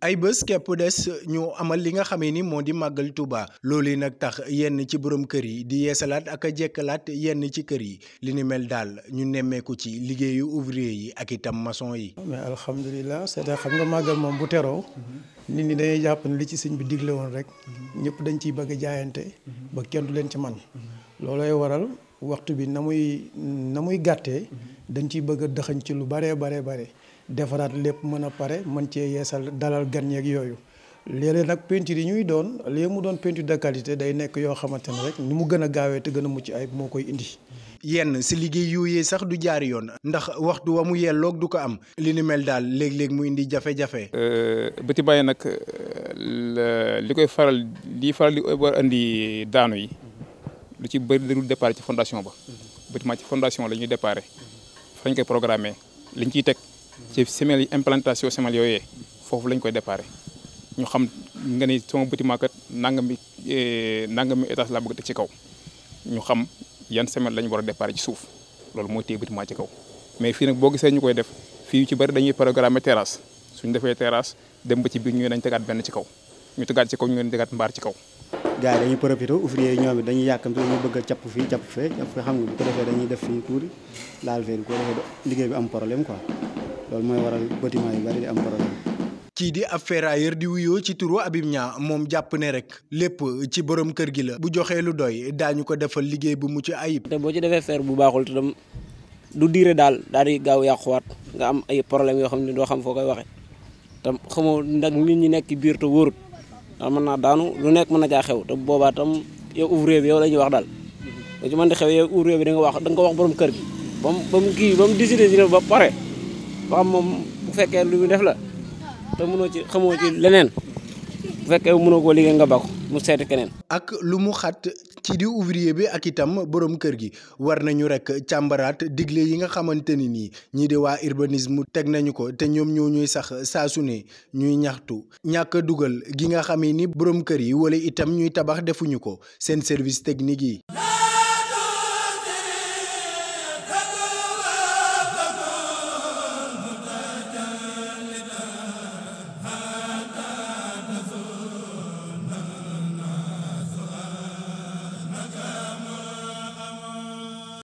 ay bés képp des ñu amal li nga xam xamee ni moo di màggal Touba loolu yi nag tax yenn ci borom kër yi di yeesalaat ak a jekkalaat yenn ci kër yi li ni mel daal ñu nemmeeku ci liggéeyu ouvrier yi ak itam mason yi. mais alhamdulilah cest xam nga màggal moom bu teroo. nit ñi dañuy jàpp ne li ci sëñ bi digle woon rek. ñëpp dañ ciy bëgg jaayante. ba kenn du leen ci man loolu loolooy waral waxtu bi na muy na muy gàttee. dañ ciy bëgg a dëxañ ci lu baree baree bare defaraat lépp mën a pare man cee yeesal dalal gan yeeg yooyu. léeg nag peinture yi ñuy doon li mu doon peinture de qualité day nekk yoo xamante ne rek ni mu gën a gaawee te gën a mucc ayib moo koy indi. yenn si liggéey yooyee sax du jaar yoon. ndax waxtu wa mu yelloog du ko am. li nu mel daal léeg-léeg mu indi jafe-jafe. Euh, bëti bàyyi nag li koy faral li faral li war indi daanu yi lu ci bëri da dul ci fondation ba. Mhm. bâtiment ci fondation la ñuy déparé. fañ koy programmé liñ ciy teg. ci semelle yi implantation semelle yooyee foofu lañ koy déparé ñu xam nga ni sama bâtiment kat nangami eh, nangami étage laa bëgg te ci kaw ñu xam yan semelle lañ war a déparé ci suuf loolu mooy téye bâtiment ci kaw mais fii nag boo gisee ñu koy def fii ci bëri dañuy programmer terrasse suñ defee terrasse dem ba ci biir ñu dañ tegaat benn ci kaw ñu tegaat ci kaw ñu leen tegaat mbaar ci kaw. gars yi dañuy profité ouvrier yi ñoom it dañuy yàkkamte dañuy bëgg a capp fii capp fee capp fee xam nga bu bi am problème quoi. loolu mooy waral bâtiment yu bari di am problème. kii di ab ferrailleur di wuyoo ci turu Habib ñaa moom jàpp ne rek lépp ci borom kër gi la bu joxee lu doy daañu ko defal liggéey bu mucc ayib. te boo ci defee fer bu baaxul te dem du diire daal daal di gaaw yàquwaat nga am ay problème yoo xam ne doo xam foo koy waxee tam xamoo ndax nit ñi nekk biir te wóorut ndax mën naa daanu lu nekk mën a jaa xew te boobaa tam yow ouvrier bi yow la ñuy wax daal ba ci mën di xew yow ouvrier bi da nga wax da ko wax borom kër gi ba mu ba mu kii ba ba pare. ba xam moom bu fekkee lu ñu def la te mënoo ci xamoo ci leneen bu fekkee mënoo koo liggéey nga bako mu seeti keneen. ak lu mu xat ci di ouvrier bi ak itam borom kër gi war nañu rek càmbaraat digle yi nga xamante ni nii ñii di waa urbanisme teg nañu ko te ñoom ñoo ñuy sax saasu su ne ñuy ñaxtu ñàkk dugal gi nga xam ni borom kër yi wala itam ñuy tabax defuñu ko seen service technique yi.